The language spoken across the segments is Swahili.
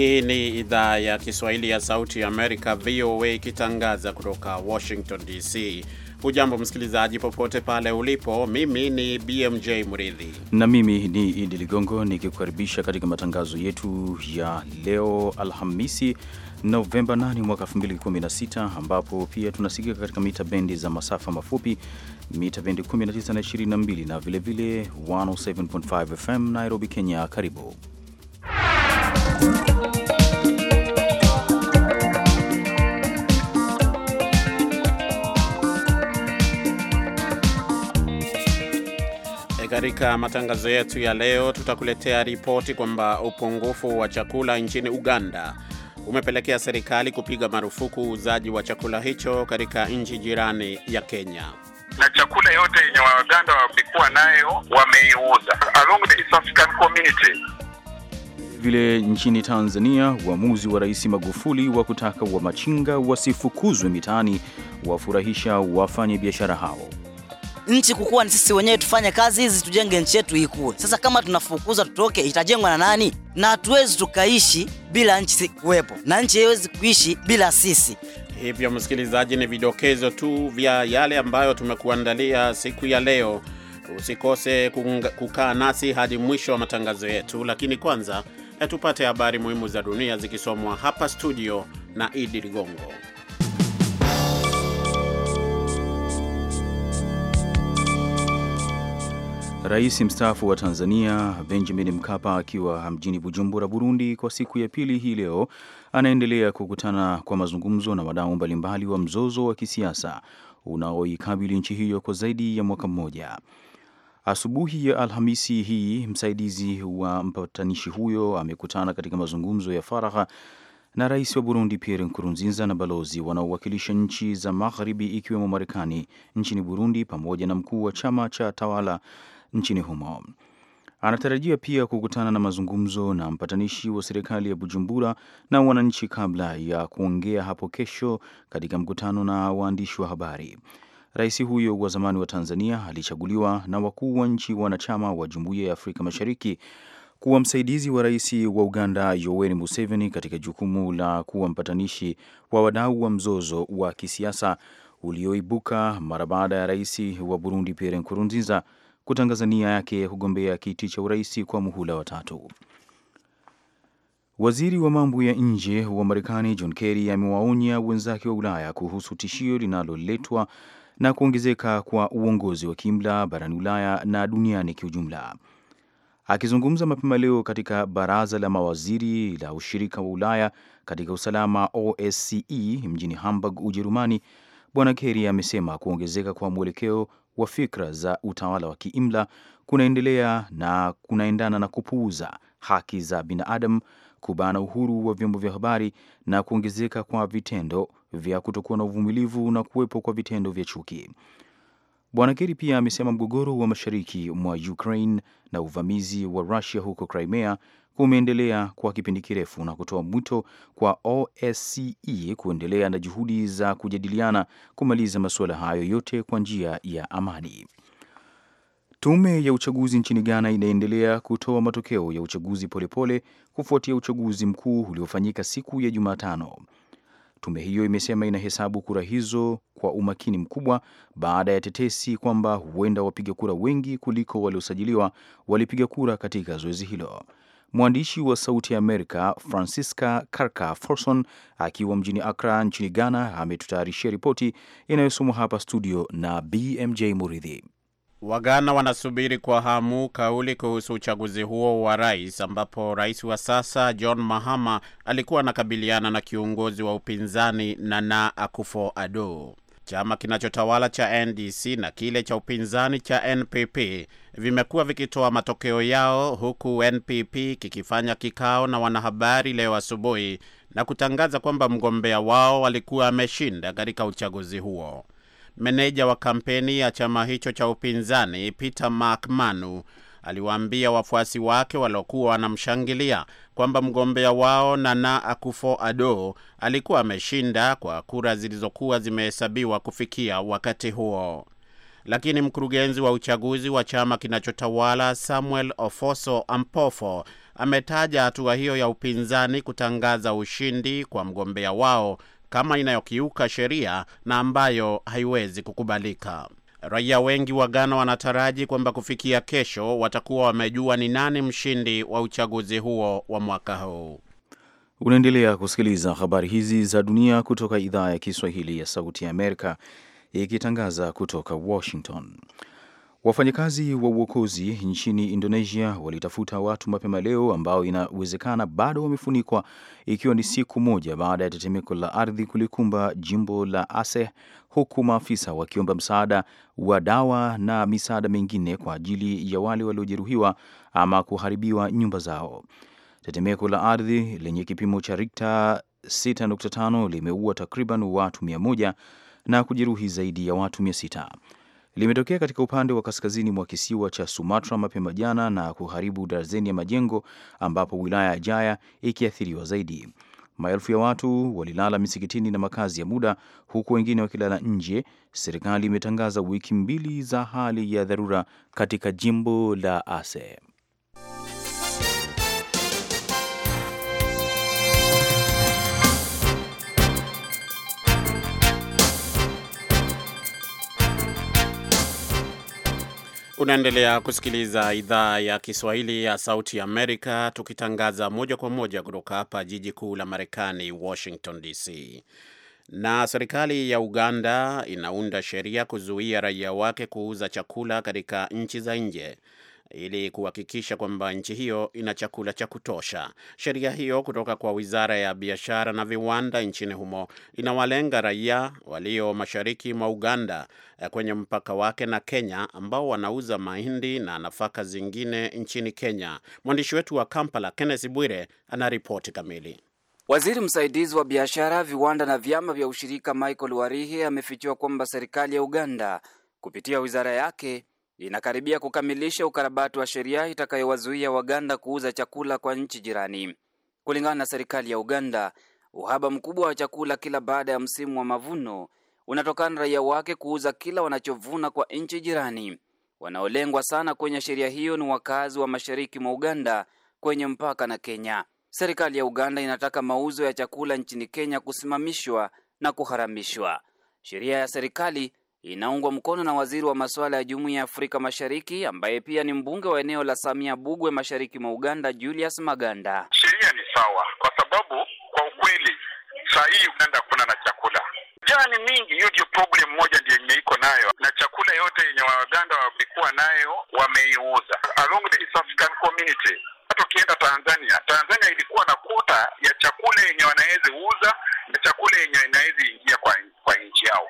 Hii ni idhaa ya Kiswahili ya Sauti ya Amerika, VOA, ikitangaza kutoka Washington DC. Hujambo msikilizaji, popote pale ulipo. Mimi ni BMJ Mridhi na mimi ni Idi Ligongo nikikukaribisha katika matangazo yetu ya leo Alhamisi, Novemba 8 mwaka 2016, ambapo pia tunasikika katika mita bendi za masafa mafupi mita bendi 19 na 22 na vilevile 107.5 FM Nairobi, Kenya. Karibu E, katika matangazo yetu ya leo tutakuletea ripoti kwamba upungufu wa chakula nchini Uganda umepelekea serikali kupiga marufuku uuzaji wa chakula hicho katika nchi jirani ya Kenya. Na chakula yote yenye Waganda wamekuwa nayo wameiuza along the East African Community vile nchini Tanzania, uamuzi wa Rais Magufuli wa kutaka wamachinga wasifukuzwe mitaani wafurahisha wafanye biashara hao. Nchi kukua ni sisi wenyewe, tufanye kazi hizi, tujenge nchi yetu ikue. Sasa kama tunafukuza tutoke, itajengwa na nani? Na hatuwezi tukaishi bila nchi kuwepo, na nchi haiwezi kuishi bila sisi. Hivyo msikilizaji, ni vidokezo tu vya yale ambayo tumekuandalia siku ya leo. Usikose kukaa nasi hadi mwisho wa matangazo yetu, lakini kwanza Eh, tupate habari muhimu za dunia zikisomwa hapa studio na Idi Ligongo. Rais mstaafu wa Tanzania Benjamin Mkapa akiwa mjini Bujumbura, Burundi kwa siku ya pili hii leo anaendelea kukutana kwa mazungumzo na wadau mbalimbali wa mzozo wa kisiasa unaoikabili nchi hiyo kwa zaidi ya mwaka mmoja. Asubuhi ya Alhamisi hii msaidizi wa mpatanishi huyo amekutana katika mazungumzo ya faragha na rais wa Burundi Pierre Nkurunziza na balozi wanaowakilisha nchi za magharibi ikiwemo Marekani nchini Burundi pamoja na mkuu wa chama cha tawala nchini humo. Anatarajia pia kukutana na mazungumzo na mpatanishi wa serikali ya Bujumbura na wananchi kabla ya kuongea hapo kesho katika mkutano na waandishi wa habari. Rais huyo wa zamani wa Tanzania alichaguliwa na wakuu wa nchi wanachama wa Jumuiya ya Afrika Mashariki kuwa msaidizi wa rais wa Uganda Yoweri Museveni katika jukumu la kuwa mpatanishi wa wadau wa mzozo wa kisiasa ulioibuka mara baada ya rais wa Burundi Pierre Nkurunziza kutangaza nia yake ya kugombea kiti cha urais kwa muhula wa tatu. Waziri wa mambo ya nje wa Marekani John Kerry amewaonya wenzake wa Ulaya kuhusu tishio linaloletwa na kuongezeka kwa uongozi wa kiimla barani Ulaya na duniani kiujumla. Akizungumza mapema leo katika baraza la mawaziri la ushirika wa Ulaya katika usalama OSCE mjini Hamburg, Ujerumani, Bwana Kerry amesema kuongezeka kwa mwelekeo wa fikra za utawala wa kiimla kunaendelea na kunaendana na kupuuza haki za binadamu, kubana uhuru wa vyombo vya habari na kuongezeka kwa vitendo vya kutokuwa na uvumilivu na kuwepo kwa vitendo vya chuki. Bwana Kerry pia amesema mgogoro wa mashariki mwa Ukraine na uvamizi wa Russia huko Crimea umeendelea kwa kipindi kirefu na kutoa mwito kwa OSCE kuendelea na juhudi za kujadiliana kumaliza masuala hayo yote kwa njia ya amani. Tume ya uchaguzi nchini Ghana inaendelea kutoa matokeo ya uchaguzi polepole kufuatia uchaguzi mkuu uliofanyika siku ya Jumatano. Tume hiyo imesema inahesabu kura hizo kwa umakini mkubwa baada ya tetesi kwamba huenda wapiga kura wengi kuliko waliosajiliwa walipiga kura katika zoezi hilo. Mwandishi wa Sauti ya Amerika Francisca Karka Forson akiwa mjini Akra nchini Ghana ametutayarishia ripoti inayosomwa hapa studio na BMJ Muridhi. Waghana wanasubiri kwa hamu kauli kuhusu uchaguzi huo wa rais, ambapo rais wa sasa John Mahama alikuwa anakabiliana na kiongozi wa upinzani Nana Akufo-Addo. Chama kinachotawala cha NDC na kile cha upinzani cha NPP vimekuwa vikitoa matokeo yao, huku NPP kikifanya kikao na wanahabari leo asubuhi na kutangaza kwamba mgombea wao alikuwa ameshinda katika uchaguzi huo. Meneja wa kampeni ya chama hicho cha upinzani Peter manu aliwaambia wafuasi wake waliokuwa wanamshangilia kwamba mgombea wao Nana akufo ado alikuwa ameshinda kwa kura zilizokuwa zimehesabiwa kufikia wakati huo. Lakini mkurugenzi wa uchaguzi wa chama kinachotawala Samuel Ofoso Ampofo ametaja hatua hiyo ya upinzani kutangaza ushindi kwa mgombea wao kama inayokiuka sheria na ambayo haiwezi kukubalika. Raia wengi wa Ghana wanataraji kwamba kufikia kesho watakuwa wamejua ni nani mshindi wa uchaguzi huo wa mwaka huu. Unaendelea kusikiliza habari hizi za dunia kutoka idhaa ya Kiswahili ya Sauti ya Amerika ikitangaza kutoka Washington. Wafanyakazi wa uokozi nchini Indonesia walitafuta watu mapema leo ambao inawezekana bado wamefunikwa, ikiwa ni siku moja baada ya tetemeko la ardhi kulikumba jimbo la Aceh, huku maafisa wakiomba msaada wa dawa na misaada mingine kwa ajili ya wale waliojeruhiwa ama kuharibiwa nyumba zao. Tetemeko la ardhi lenye kipimo cha rikta 6.5 limeua takriban watu 100 na kujeruhi zaidi ya watu 600 limetokea katika upande wa kaskazini mwa kisiwa cha Sumatra mapema jana na kuharibu darzeni ya majengo, ambapo wilaya ya Jaya ikiathiriwa zaidi. Maelfu ya watu walilala misikitini na makazi ya muda, huku wengine wakilala nje. Serikali imetangaza wiki mbili za hali ya dharura katika jimbo la Aceh. Unaendelea kusikiliza idhaa ya Kiswahili ya Sauti ya Amerika, tukitangaza moja kwa moja kutoka hapa jiji kuu la Marekani, Washington DC. Na serikali ya Uganda inaunda sheria kuzuia raia wake kuuza chakula katika nchi za nje ili kuhakikisha kwamba nchi hiyo ina chakula cha kutosha. Sheria hiyo kutoka kwa Wizara ya Biashara na Viwanda nchini humo inawalenga raia walio mashariki mwa Uganda eh, kwenye mpaka wake na Kenya ambao wanauza mahindi na nafaka zingine nchini Kenya. Mwandishi wetu wa Kampala Kenneth Bwire ana ripoti kamili. Waziri msaidizi wa biashara, viwanda na vyama vya ushirika Michael Warihi amefichua kwamba serikali ya Uganda kupitia wizara yake inakaribia kukamilisha ukarabati wa sheria itakayowazuia Waganda kuuza chakula kwa nchi jirani. Kulingana na serikali ya Uganda, uhaba mkubwa wa chakula kila baada ya msimu wa mavuno unatokana raia wake kuuza kila wanachovuna kwa nchi jirani. Wanaolengwa sana kwenye sheria hiyo ni wakazi wa mashariki mwa Uganda kwenye mpaka na Kenya. Serikali ya Uganda inataka mauzo ya chakula nchini Kenya kusimamishwa na kuharamishwa. Sheria ya serikali inaungwa mkono na waziri wa masuala ya Jumuiya ya Afrika Mashariki ambaye pia ni mbunge wa eneo la Samia Bugwe mashariki mwa Uganda, Julius Maganda. Sheria ni sawa kwa sababu kwa ukweli saa hii Uganda kuna na chakula jani mingi. Hiyo ndio problem moja ndio yenye iko nayo, na chakula yote yenye Waganda wamekuwa nayo wameiuza along the East African Community. Hata ukienda Tanzania, Tanzania ilikuwa na kuta ya chakula yenye wanaweza uza na chakula yenye inaweza ingia kwa, kwa nchi yao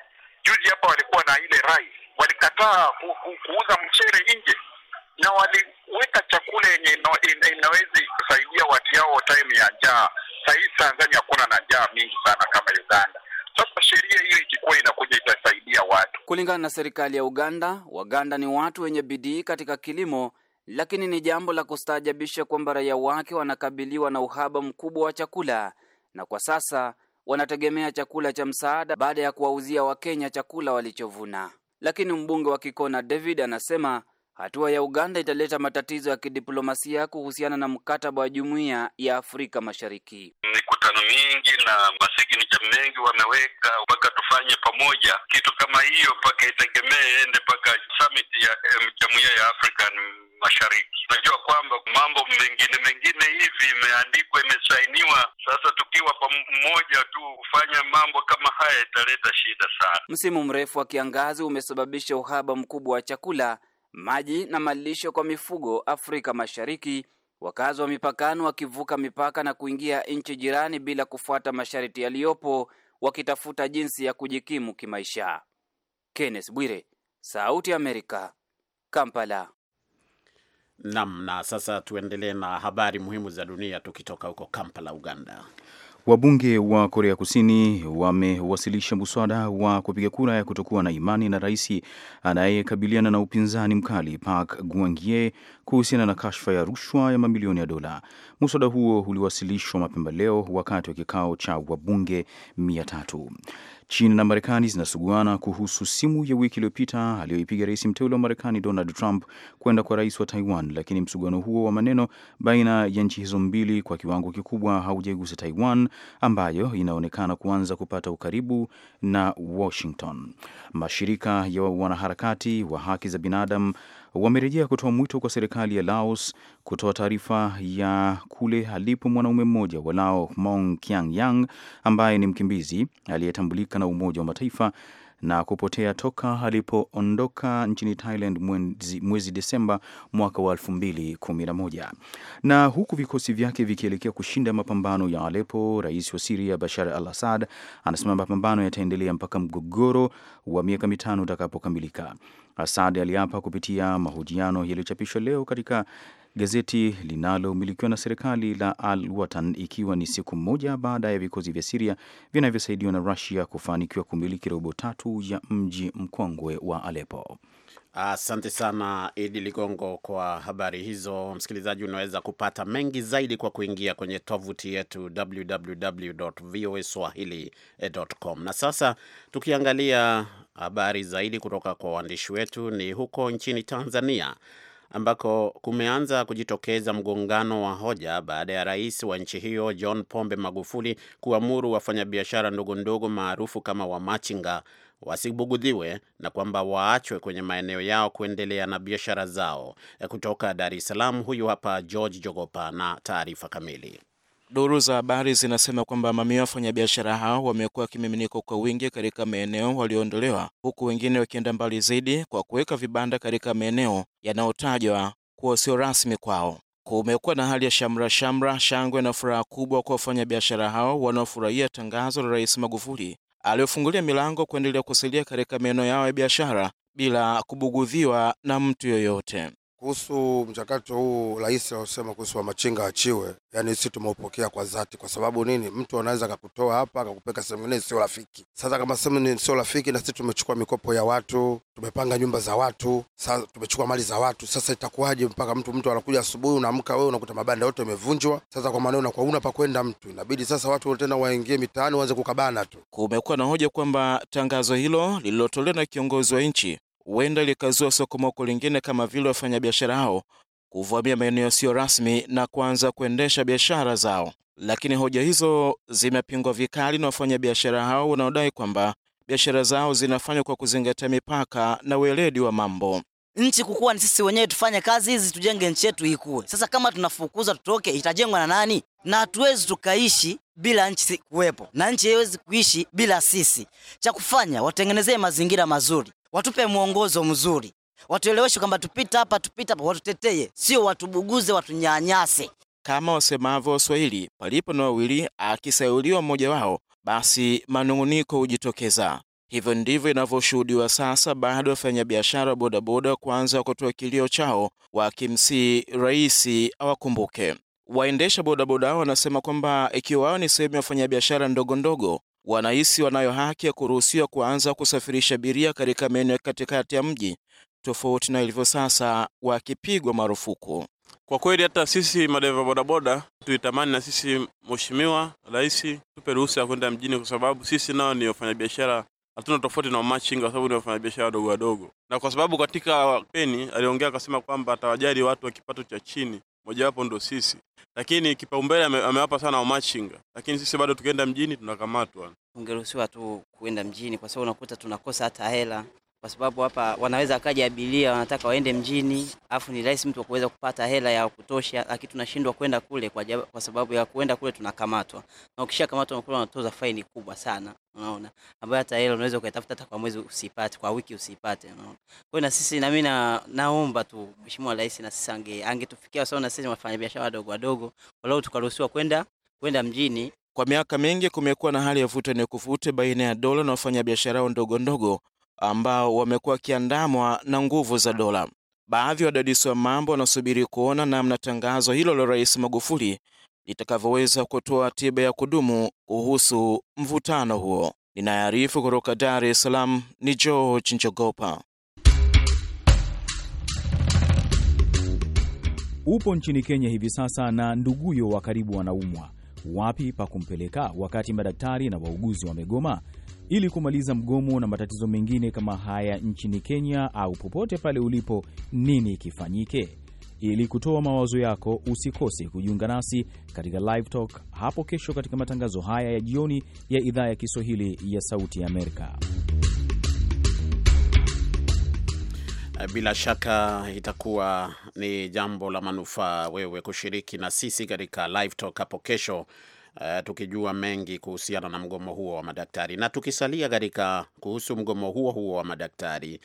juzi hapa walikuwa na ile rai, walikataa kuuza mchele nje na waliweka chakula yenye inaweza kusaidia watu yao time ya njaa. Sahii Tanzania hakuna na njaa mingi sana kama Uganda. Sasa sheria hiyo ikikuwa inakuja itasaidia watu. Kulingana na serikali ya Uganda, Waganda ni watu wenye bidii katika kilimo, lakini ni jambo la kustaajabisha kwamba raia wake wanakabiliwa na uhaba mkubwa wa chakula na kwa sasa wanategemea chakula cha msaada baada ya kuwauzia Wakenya chakula walichovuna. Lakini mbunge wa Kikona David anasema Hatua ya Uganda italeta matatizo ya kidiplomasia kuhusiana na mkataba wa Jumuiya ya Afrika Mashariki. Mikutano mingi na masignicha mengi wameweka mpaka tufanye pamoja kitu kama hiyo, mpaka itegemee ende mpaka summit ya Jumuiya ya Afrika Mashariki. Unajua kwamba mambo mengine mengine hivi imeandikwa, imesainiwa. Sasa tukiwa pamoja tu kufanya mambo kama haya italeta shida sana. Msimu mrefu wa kiangazi umesababisha uhaba mkubwa wa chakula maji na malisho kwa mifugo Afrika Mashariki, wakazi wa mipakani wakivuka mipaka na kuingia nchi jirani bila kufuata masharti yaliyopo, wakitafuta jinsi ya kujikimu kimaisha. Kenneth Bwire, Sauti Amerika, Kampala. Nam, na sasa tuendelee na habari muhimu za dunia tukitoka huko Kampala, Uganda. Wabunge wa Korea Kusini wamewasilisha muswada wa kupiga kura ya kutokuwa na imani na rais anayekabiliana na upinzani mkali Park geun kuhusiana na kashfa ya rushwa ya mamilioni ya dola. Muswada huo uliwasilishwa mapema leo wakati wa kikao cha wabunge mia tatu. China na Marekani zinasuguana kuhusu simu ya wiki iliyopita aliyoipiga rais mteule wa Marekani Donald Trump kwenda kwa rais wa Taiwan, lakini msuguano huo wa maneno baina ya nchi hizo mbili kwa kiwango kikubwa haujaigusa Taiwan ambayo inaonekana kuanza kupata ukaribu na Washington. Mashirika ya wanaharakati wa haki za binadamu wamerejea kutoa mwito kwa serikali ya Laos kutoa taarifa ya kule alipo mwanaume mmoja wa Lao Mong Kiang Yang ambaye ni mkimbizi aliyetambulika na Umoja wa Mataifa na kupotea toka alipoondoka nchini Thailand mwezi, mwezi Desemba mwaka wa 2011. Na huku vikosi vyake vikielekea kushinda mapambano ya Aleppo, rais wa Syria Bashar al-Assad anasema mapambano yataendelea mpaka mgogoro wa miaka mitano utakapokamilika. asad aliapa kupitia mahojiano yaliyochapishwa leo katika gazeti linalomilikiwa na serikali la Al Watan, ikiwa ni siku moja baada ya vikosi vya Siria vinavyosaidiwa na Rusia kufanikiwa kumiliki robo tatu ya mji mkongwe wa Alepo. Asante sana Idi Ligongo kwa habari hizo. Msikilizaji, unaweza kupata mengi zaidi kwa kuingia kwenye tovuti yetu www voa swahilicom Na sasa tukiangalia habari zaidi kutoka kwa waandishi wetu, ni huko nchini Tanzania ambako kumeanza kujitokeza mgongano wa hoja baada ya rais wa nchi hiyo John Pombe Magufuli kuamuru wafanyabiashara ndogo ndogo maarufu kama wamachinga wasibugudhiwe na kwamba waachwe kwenye maeneo yao kuendelea na biashara zao. Kutoka Dar es Salaam, huyu hapa George Jogopa na taarifa kamili. Duru za habari zinasema kwamba mamia ya wafanyabiashara hao wamekuwa wakimiminika kwa wingi katika maeneo walioondolewa, huku wengine wakienda mbali zaidi kwa kuweka vibanda katika maeneo yanayotajwa kuwa sio rasmi kwao. Kumekuwa na hali ya shamra shamra, shangwe na furaha kubwa kwa wafanyabiashara hao wanaofurahia tangazo la Rais Magufuli aliyofungulia milango kuendelea kusalia katika maeneo yao ya biashara bila kubugudhiwa na mtu yoyote. Kuhusu mchakato huu rais aliosema kuhusu wamachinga achiwe, yani sisi tumeupokea kwa dhati. Kwa sababu nini? Mtu anaweza akakutoa hapa akakupeka sehemu nyingine sio rafiki. Sasa kama sehemu sio rafiki, na sisi tumechukua mikopo ya watu, tumepanga nyumba za watu, sasa tumechukua mali za watu, sasa itakuwaje? Mpaka mtu mtu anakuja asubuhi, unaamka wewe unakuta mabanda yote yamevunjwa. Sasa kwa maana unakuwa una pa kwenda mtu, inabidi sasa watu tena waingie mitaani waanze kukabana tu. Kumekuwa na hoja kwamba tangazo hilo lililotolewa na kiongozi wa nchi huenda likazua sokomoko lingine kama vile wafanyabiashara hao kuvamia maeneo yasiyo rasmi na kuanza kuendesha biashara zao. Lakini hoja hizo zimepingwa vikali na wafanyabiashara hao wanaodai kwamba biashara zao zinafanywa kwa kuzingatia mipaka na ueledi wa mambo. Nchi kukuwa ni sisi wenyewe, tufanye kazi hizi, tujenge nchi yetu ikue. Sasa kama tunafukuza tutoke, itajengwa na nani? Na hatuwezi tukaishi bila nchi kuwepo, na nchi haiwezi kuishi bila sisi. Cha kufanya watengenezee mazingira mazuri, watupe mwongozo mzuri, watueleweshe kwamba tupita hapa, tupita hapa, watuteteye, sio watubuguze, watunyanyase. Kama wasemavyo Waswahili, palipo na wawili akisauliwa mmoja wao, basi manung'uniko hujitokeza. Hivyo ndivyo inavyoshuhudiwa sasa baada ya wafanyabiashara bodaboda kuanza kutoa kilio chao, wakimsii rais awakumbuke. Waendesha bodaboda hao wanasema kwamba ikiwa wao ni sehemu ya wafanyabiashara ndogo ndogo, wanahisi wanayo haki ya kuruhusiwa kuanza kusafirisha abiria katika maeneo ya katikati ya mji, tofauti na ilivyo sasa, wakipigwa marufuku. Kwa kweli hata sisi madereva bodaboda tuitamani na sisi Mheshimiwa Rais tupe ruhusa ya kwenda mjini, kwa sababu sisi nao ni wafanyabiashara, hatuna tofauti na wamachinga, kwa sababu ni wafanyabiashara wadogo wadogo, na kwa sababu katika peni aliongea akasema kwamba atawajali watu wa kipato cha chini mojawapo ndo sisi, lakini kipaumbele amewapa sana wamachinga, lakini sisi bado tukienda mjini tunakamatwa. Ungeruhusiwa tu kuenda mjini, kwa sababu unakuta tunakosa hata hela kwa sababu hapa wanaweza akaja abiria wanataka waende mjini, afu ni rahisi mtu kuweza kupata hela ya kutosha, lakini tunashindwa kwenda kule kwa, jaba, kwa sababu ya kuenda kule tunakamatwa, na ukisha kamatwa unakuwa unatoza faini kubwa sana, unaona, ambayo hata hela unaweza ukaitafuta hata kwa mwezi usipate, kwa wiki usipate, unaona. Kwa hiyo na sisi na mimi naomba tu Mheshimiwa Rais na sisi ange angetufikia sawa, na sisi wafanyabiashara wadogo wadogo walau tukaruhusiwa kwenda kwenda mjini. Kwa miaka mingi kumekuwa na hali ya vuta ni kuvute baina ya dola na wafanyabiashara ndogo ndogo ambao wamekuwa wakiandamwa na nguvu za dola. Baadhi ya wadadisi wa mambo wanasubiri kuona namna tangazo hilo la Rais Magufuli litakavyoweza kutoa tiba ya kudumu kuhusu mvutano huo. Ninayarifu kutoka Dar es Salaam ni George Njogopa. Upo nchini Kenya hivi sasa na nduguyo wa karibu wanaumwa wapi pa kumpeleka wakati madaktari na wauguzi wamegoma ili kumaliza mgomo na matatizo mengine kama haya nchini Kenya au popote pale ulipo, nini kifanyike? Ili kutoa mawazo yako, usikose kujiunga nasi katika Live Talk hapo kesho katika matangazo haya ya jioni ya idhaa ya Kiswahili ya Sauti ya Amerika. Eh, bila shaka itakuwa ni jambo la manufaa wewe kushiriki na sisi katika live talk hapo kesho. Uh, tukijua mengi kuhusiana na mgomo huo wa madaktari. Na tukisalia katika kuhusu mgomo huo huo wa madaktari,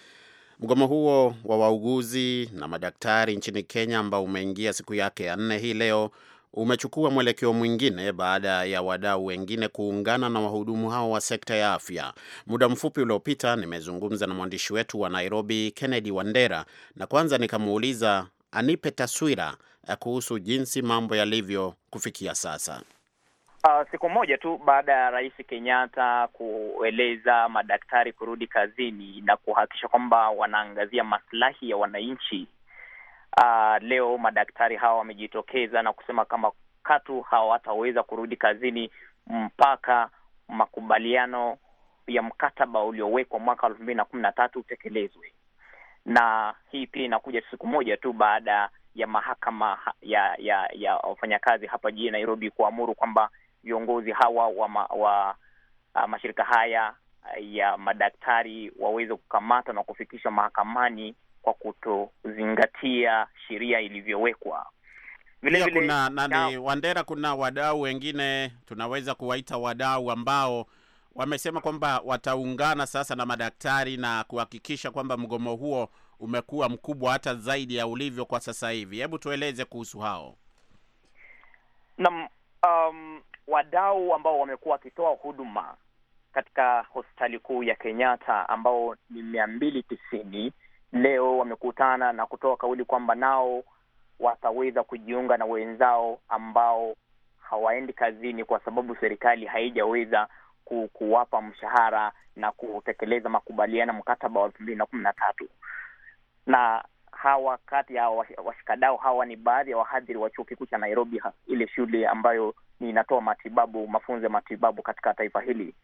mgomo huo wa wauguzi na madaktari nchini Kenya ambao umeingia siku yake ya nne hii leo umechukua mwelekeo mwingine baada ya wadau wengine kuungana na wahudumu hao wa sekta ya afya. Muda mfupi uliopita nimezungumza na mwandishi wetu wa Nairobi, Kennedy Wandera, na kwanza nikamuuliza anipe taswira eh, kuhusu jinsi mambo yalivyo kufikia sasa. Uh, siku moja tu baada ya Rais Kenyatta kueleza madaktari kurudi kazini na kuhakikisha kwamba wanaangazia maslahi ya wananchi Uh, leo madaktari hawa wamejitokeza na kusema kama katu hawataweza kurudi kazini mpaka makubaliano ya mkataba uliowekwa mwaka elfu mbili na kumi na tatu utekelezwe. Na hii pia inakuja siku moja tu baada ya mahakama ya ya ya wafanyakazi hapa jijini Nairobi kuamuru kwamba viongozi hawa wa, ma, wa a, ah, mashirika haya ya madaktari waweze kukamatwa na kufikishwa mahakamani kwa kutozingatia sheria ilivyowekwa. Vile vile kuna nani Wandera, kuna wadau wengine tunaweza kuwaita wadau ambao wamesema kwamba wataungana sasa na madaktari na kuhakikisha kwamba mgomo huo umekuwa mkubwa hata zaidi ya ulivyo kwa sasa hivi. Hebu tueleze kuhusu hao. nam um, wadau ambao wamekuwa wakitoa huduma katika hospitali kuu ya Kenyatta ambao ni mia mbili tisini leo wamekutana na kutoa kauli kwamba nao wataweza kujiunga na wenzao ambao hawaendi kazini kwa sababu serikali haijaweza ku, kuwapa mshahara na kutekeleza makubaliano mkataba wa elfu mbili na kumi na tatu na hawa kati ya washikadao hawa ni baadhi ya wahadhiri wa chuo kikuu cha Nairobi, ile shule ambayo inatoa matibabu, mafunzo ya matibabu katika taifa hili.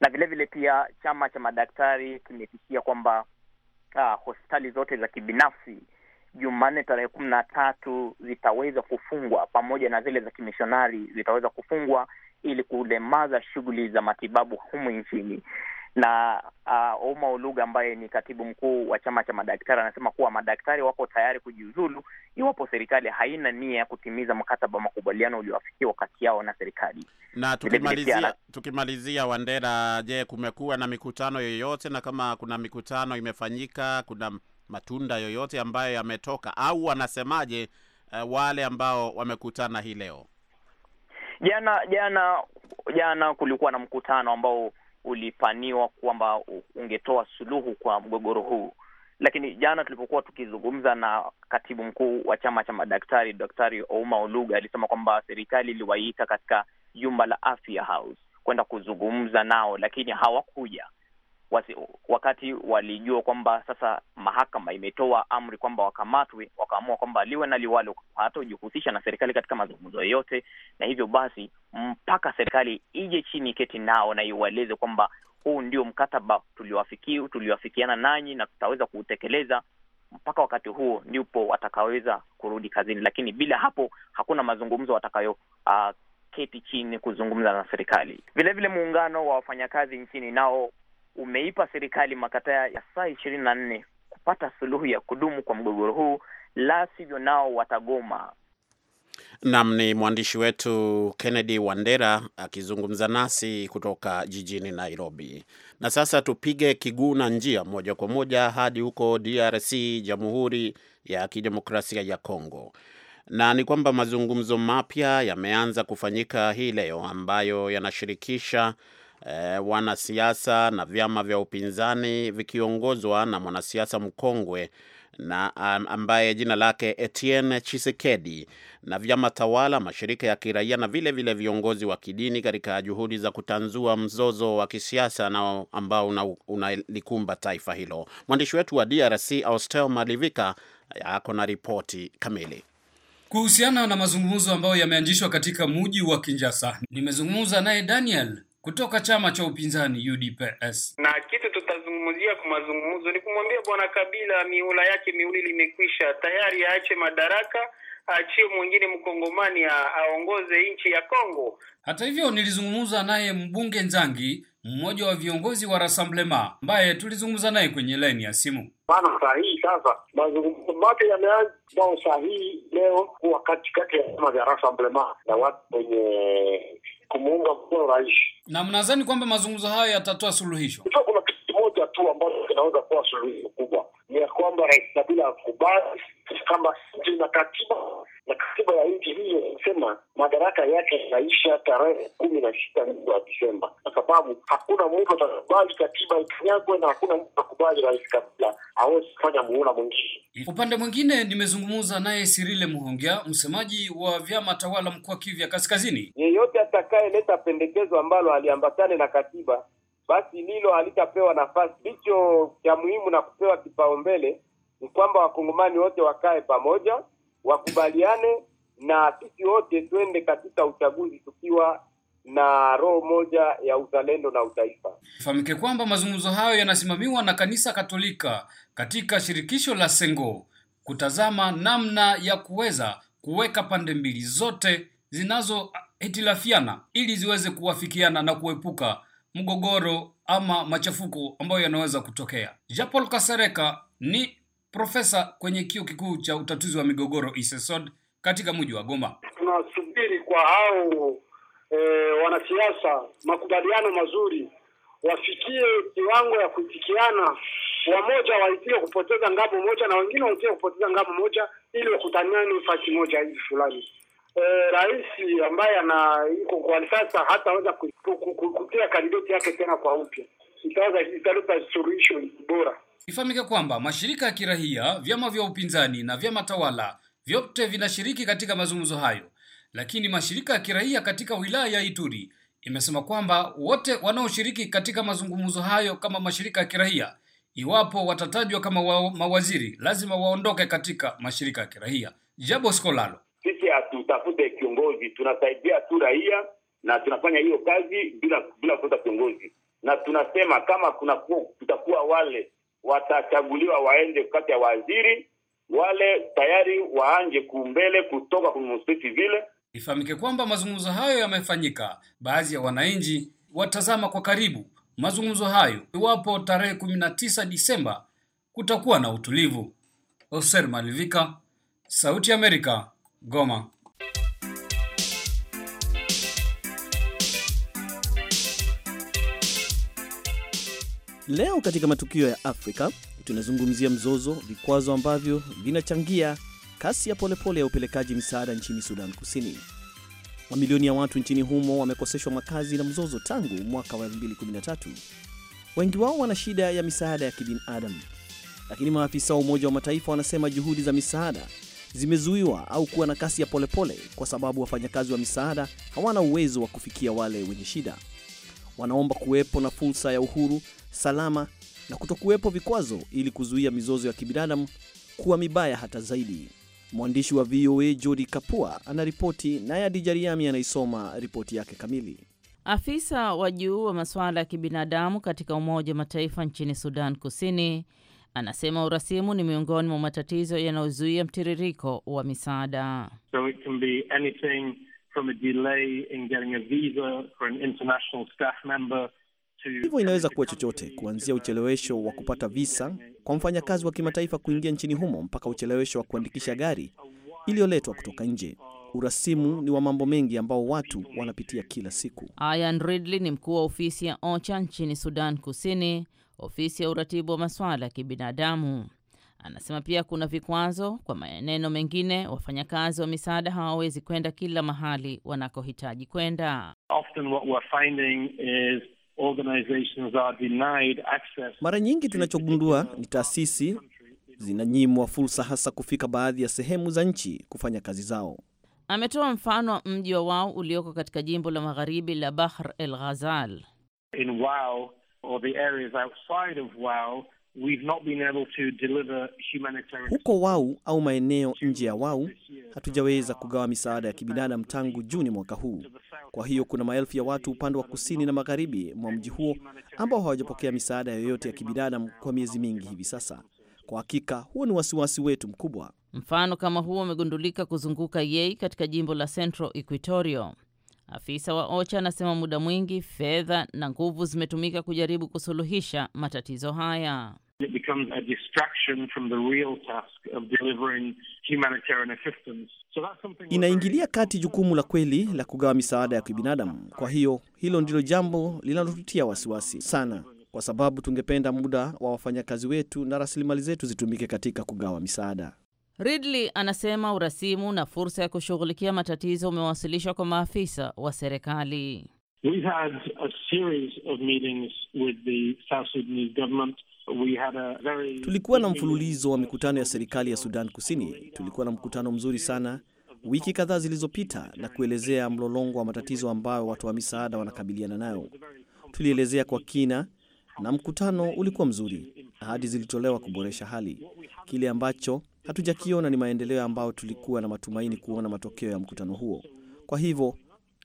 Na vilevile vile pia chama cha madaktari kimetishia kwamba uh, hospitali zote za kibinafsi Jumanne tarehe kumi na tatu zitaweza kufungwa pamoja na zile za kimishonari zitaweza kufungwa ili kulemaza shughuli za matibabu humu nchini na uh, Ouma Oluga ambaye ni katibu mkuu wa chama cha madaktari anasema kuwa madaktari wako tayari kujiuzulu iwapo serikali haina nia ya kutimiza mkataba wa makubaliano ulioafikiwa kati yao na serikali. Na tukimalizia, tukimalizia Wandera, je, kumekuwa na mikutano yoyote? Na kama kuna mikutano imefanyika, kuna matunda yoyote ambayo yametoka au wanasemaje uh, wale ambao wamekutana hii leo? Jana jana jana kulikuwa na mkutano ambao ulipaniwa kwamba ungetoa suluhu kwa mgogoro huu. Lakini jana tulipokuwa tukizungumza na katibu mkuu wa chama cha madaktari, Daktari Ouma Oluga alisema kwamba serikali iliwaita katika jumba la Afya House kwenda kuzungumza nao, lakini hawakuja wasi, wakati walijua kwamba sasa mahakama imetoa amri kwamba wakamatwe, wakaamua kwamba liwe na liwalo, hawatojihusisha na serikali katika mazungumzo yoyote, na hivyo basi mpaka serikali ije chini keti nao na iwaeleze kwamba huu ndio mkataba tuliwafiki tuliwafikiana nanyi na tutaweza kuutekeleza mpaka wakati huo ndipo watakaweza kurudi kazini, lakini bila hapo hakuna mazungumzo watakayo uh, keti chini kuzungumza na serikali. Vilevile muungano wa wafanyakazi nchini nao umeipa serikali makataa ya saa ishirini na nne kupata suluhu ya kudumu kwa mgogoro huu, la sivyo nao watagoma. Nam ni mwandishi wetu Kennedy Wandera akizungumza nasi kutoka jijini Nairobi. Na sasa tupige kiguu na njia moja kwa moja hadi huko DRC, Jamhuri ya Kidemokrasia ya Kongo, na ni kwamba mazungumzo mapya yameanza kufanyika hii leo ambayo yanashirikisha e, wanasiasa na vyama vya upinzani vikiongozwa na mwanasiasa mkongwe na ambaye jina lake Etienne Chisekedi na vyama tawala, mashirika ya kiraia na vile vile viongozi wa kidini katika juhudi za kutanzua mzozo wa kisiasa na ambao unalikumba una taifa hilo. Mwandishi wetu wa DRC Austel Malivika ako na ripoti kamili. Kuhusiana na mazungumzo ambayo yameanzishwa katika muji wa Kinshasa, nimezungumza naye Daniel kutoka chama cha upinzani UDPS. Na kitu tutazungumzia kwa mazungumzo ni kumwambia bwana Kabila miula yake miwili imekwisha tayari, aache madaraka, achie mwingine mkongomani aongoze nchi ya Kongo. Hata hivyo, nilizungumza naye mbunge Nzangi, mmoja wa viongozi wa Rassemblement, ambaye tulizungumza naye kwenye laini ya simu. Maana sahihi, sasa mazungumzo make yameanza sahihi leo kuwa katikati ya chama vya Rassemblement na watu wenye kumuunga mkono rais. Na mnadhani kwamba mazungumzo hayo yatatoa suluhisho? Kuna kitu kimoja tu ambacho kinaweza kuwa suluhisho kubwa, ni ya kwamba rais Kabila akubali kama nchi na katiba na katiba ya nchi hiyo inasema madaraka yake yanaisha tarehe kumi na sita mwezi wa Disemba, kwa sababu hakuna mtu atakubali katiba ikanyagwe na hakuna mtu atakubali rais Kabila hawezi kufanya muhula mwingine. Upande mwingine, nimezungumza naye Sirile Muhongia, msemaji wa vyama tawala mkoa Kivu Kaskazini. Yeyote atakayeleta pendekezo ambalo aliambatane na katiba, basi lilo halitapewa nafasi. licho cha muhimu na kupewa kipaumbele ni kwamba wakongomani wote wakae pamoja, wakubaliane na sisi wote twende katika uchaguzi tukiwa na roho moja ya uzalendo na utaifa. Ifahamike kwamba mazungumzo hayo yanasimamiwa na Kanisa Katolika katika shirikisho la Sengo kutazama namna ya kuweza kuweka pande mbili zote zinazohitilafiana ili ziweze kuwafikiana na kuepuka mgogoro ama machafuko ambayo yanaweza kutokea. Jean Paul Kasereka ni profesa kwenye kio kikuu cha utatuzi wa migogoro ISESOD katika mji wa Goma. Tunasubiri kwa hao e, wanasiasa makubaliano mazuri, wafikie kiwango ya kuitikiana, wamoja waitie kupoteza ngambo moja na wengine waitie kupoteza ngamu moja, ili wakutaniane fasi moja hivi fulani. E, rais ambaye ana iko kwa sasa hataweza kutia kandidati yake tena kwa upya, italeta suluhisho bora. Ifahamike kwamba mashirika ya kirahia, vyama vya upinzani na vyama tawala vyote vinashiriki katika mazungumzo hayo lakini mashirika ya kiraia katika wilaya ya Ituri imesema kwamba wote wanaoshiriki katika mazungumzo hayo kama mashirika ya kiraia, iwapo watatajwa kama wa, mawaziri lazima waondoke katika mashirika ya kiraia. Jabo Skolalo: sisi hatutafute kiongozi, tunasaidia tu raia na tunafanya hiyo kazi bila bila kuta kiongozi, na tunasema kama kuna kutakuwa wale watachaguliwa waende kati ya waziri wale tayari waanje kumbele kutoka kwenye vile Ifahamike kwamba mazungumzo hayo yamefanyika, baadhi ya wananchi watazama kwa karibu mazungumzo hayo. Iwapo tarehe 19 Disemba kutakuwa na utulivu. Oser Malivika, Sauti ya Amerika, Goma. Leo katika matukio ya Afrika tunazungumzia mzozo, vikwazo ambavyo vinachangia kasi ya polepole ya upelekaji misaada nchini Sudan Kusini. Mamilioni ya watu nchini humo wamekoseshwa makazi na mzozo tangu mwaka wa 2013. Wengi wao wana shida ya misaada ya kibinadamu, lakini maafisa wa Umoja wa Mataifa wanasema juhudi za misaada zimezuiwa au kuwa na kasi ya polepole pole, kwa sababu wafanyakazi wa misaada hawana uwezo wa kufikia wale wenye shida. Wanaomba kuwepo na fursa ya uhuru, salama na kutokuwepo vikwazo ili kuzuia mizozo ya kibinadamu kuwa mibaya hata zaidi. Mwandishi wa VOA Jodi Kapua anaripoti naye Adija Riami anaisoma ripoti yake kamili. Afisa wa juu wa masuala ya kibinadamu katika Umoja wa Mataifa nchini Sudan Kusini anasema urasimu ni miongoni mwa matatizo yanayozuia mtiririko wa misaada. So it can be anything from a delay in getting a visa for an international staff member Hivyo inaweza kuwa chochote kuanzia uchelewesho wa kupata visa kwa mfanyakazi wa kimataifa kuingia nchini humo mpaka uchelewesho wa kuandikisha gari iliyoletwa kutoka nje. Urasimu ni wa mambo mengi ambao watu wanapitia kila siku. Ian Ridley ni mkuu wa ofisi ya OCHA nchini Sudan Kusini, ofisi ya uratibu wa masuala ya kibinadamu. Anasema pia kuna vikwazo. Kwa maneno mengine, wafanyakazi wa misaada hawawezi kwenda kila mahali wanakohitaji kwenda. Often what we're finding is organizations are denied access. Mara nyingi tunachogundua ni taasisi zinanyimwa fursa, hasa kufika baadhi ya sehemu za nchi kufanya kazi zao. Ametoa mfano wa mji wa Wau ulioko katika jimbo la magharibi la Bahr el Ghazal. In Wau or the areas outside of Wau We've not been able to deliver humanitarian... huko Wau au maeneo nje ya Wau hatujaweza kugawa misaada ya kibinadamu tangu Juni mwaka huu. Kwa hiyo kuna maelfu ya watu upande wa kusini na magharibi mwa mji huo ambao hawajapokea misaada yoyote ya kibinadamu kwa miezi mingi hivi sasa. Kwa hakika huo ni wasiwasi wetu mkubwa. Mfano kama huo umegundulika kuzunguka Yei katika jimbo la Central Equatoria. Afisa wa OCHA anasema muda mwingi, fedha na nguvu zimetumika kujaribu kusuluhisha matatizo haya. So inaingilia kati jukumu la kweli la kugawa misaada ya kibinadamu. Kwa hiyo hilo ndilo jambo linalotutia wasiwasi sana, kwa sababu tungependa muda wa wafanyakazi wetu na rasilimali zetu zitumike katika kugawa misaada. Ridley anasema urasimu na fursa ya kushughulikia matatizo umewasilishwa kwa maafisa wa serikali. tulikuwa na mfululizo wa mikutano ya serikali ya Sudan Kusini. Tulikuwa na mkutano mzuri sana wiki kadhaa zilizopita na kuelezea mlolongo wa matatizo ambayo watu wa misaada wanakabiliana nayo. Tulielezea kwa kina na mkutano ulikuwa mzuri. Ahadi zilitolewa kuboresha hali. Kile ambacho hatujakiona ni maendeleo ambayo tulikuwa na matumaini kuona matokeo ya mkutano huo. Kwa hivyo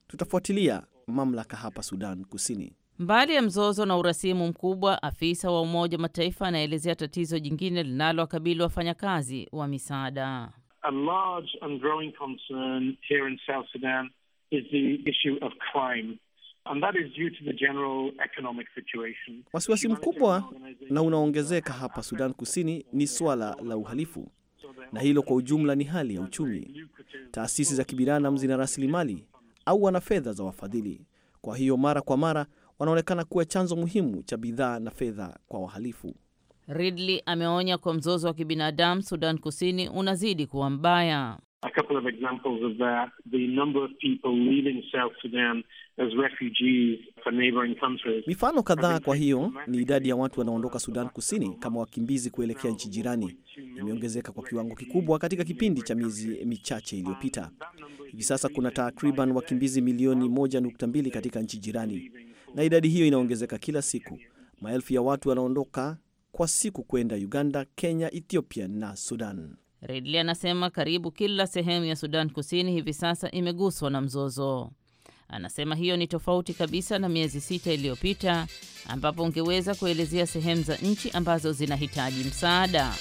tutafuatilia mamlaka hapa Sudan Kusini. Mbali ya mzozo na urasimu mkubwa, afisa wa Umoja Mataifa anaelezea tatizo jingine linalowakabili wafanyakazi wa misaada. A large and growing concern here in South Sudan is the issue of crime. And that is due to the general economic situation. Wasiwasi mkubwa na unaongezeka hapa Sudan Kusini ni swala la uhalifu na hilo kwa ujumla ni hali ya uchumi. Taasisi za kibinadamu zina rasilimali au wana fedha za wafadhili, kwa hiyo mara kwa mara wanaonekana kuwa chanzo muhimu cha bidhaa na fedha kwa wahalifu. Ridley ameonya kuwa mzozo wa kibinadamu Sudan Kusini unazidi kuwa mbaya a couple of examples of that. The number of people leaving South Sudan as refugees for neighboring countries. Mifano kadhaa kwa hiyo ni idadi ya watu wanaondoka Sudan Kusini kama wakimbizi kuelekea nchi jirani imeongezeka kwa kiwango kikubwa katika kipindi cha miezi michache iliyopita. Hivi sasa kuna takriban wakimbizi milioni 1.2 katika nchi jirani, na idadi hiyo inaongezeka kila siku. Maelfu ya watu wanaondoka kwa siku kwenda Uganda, Kenya, Ethiopia na Sudan. Ridley anasema karibu kila sehemu ya Sudan Kusini hivi sasa imeguswa na mzozo. Anasema hiyo ni tofauti kabisa na miezi sita iliyopita ambapo ungeweza kuelezea sehemu za nchi ambazo zinahitaji msaada.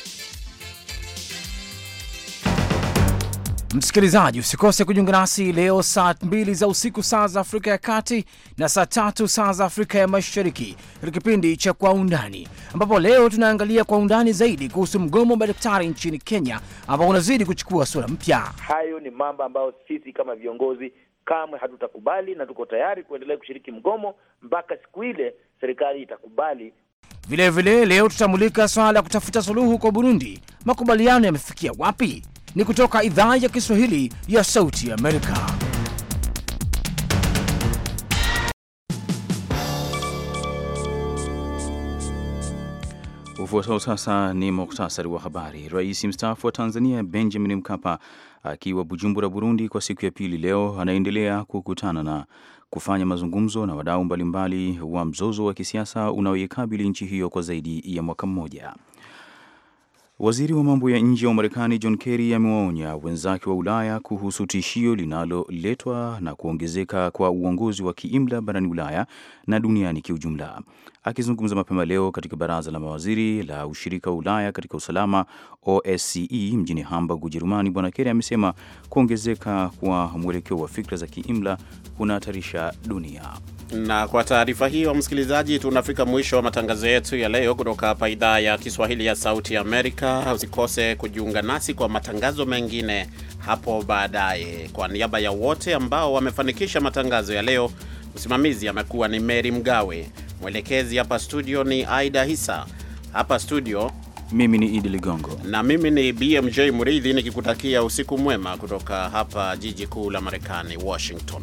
Msikilizaji, usikose kujiunga nasi leo saa mbili za usiku saa za Afrika ya Kati na saa tatu saa za Afrika ya Mashariki katika kipindi cha Kwa Undani, ambapo leo tunaangalia kwa undani zaidi kuhusu mgomo wa madaktari nchini Kenya ambao unazidi kuchukua sura mpya. Hayo ni mambo ambayo sisi kama viongozi kamwe hatutakubali na tuko tayari kuendelea kushiriki mgomo mpaka siku ile serikali itakubali. Vilevile vile, leo tutamulika swala la kutafuta suluhu kwa Burundi, makubaliano yamefikia wapi? ni kutoka idhaa ya Kiswahili ya Sauti Amerika. Ufuatao sasa ni muktasari wa habari. Rais mstaafu wa Tanzania Benjamin Mkapa akiwa Bujumbura, Burundi, kwa siku ya pili leo anaendelea kukutana na kufanya mazungumzo na wadau mbalimbali wa mzozo wa kisiasa unaoikabili nchi hiyo kwa zaidi ya mwaka mmoja. Waziri wa mambo ya nje wa Marekani John Kerry amewaonya wenzake wa Ulaya kuhusu tishio linaloletwa na kuongezeka kwa uongozi wa kiimla barani Ulaya na duniani kiujumla. Akizungumza mapema leo katika baraza la mawaziri la ushirika wa Ulaya katika usalama OSCE mjini Hamburg, Ujerumani, Bwana Kerry amesema kuongezeka kwa mwelekeo wa fikra za kiimla kunahatarisha dunia. Na kwa taarifa hiyo, msikilizaji, tunafika mwisho wa matangazo yetu ya leo kutoka hapa idhaa ya Kiswahili ya Sauti Amerika. Usikose kujiunga nasi kwa matangazo mengine hapo baadaye. Kwa niaba ya wote ambao wamefanikisha matangazo ya leo, msimamizi amekuwa ni Mary Mgawe, mwelekezi hapa studio ni Aida Hisa hapa studio. Mimi ni Idi Ligongo na mimi ni BMJ Muridhi nikikutakia usiku mwema kutoka hapa jiji kuu la Marekani, Washington.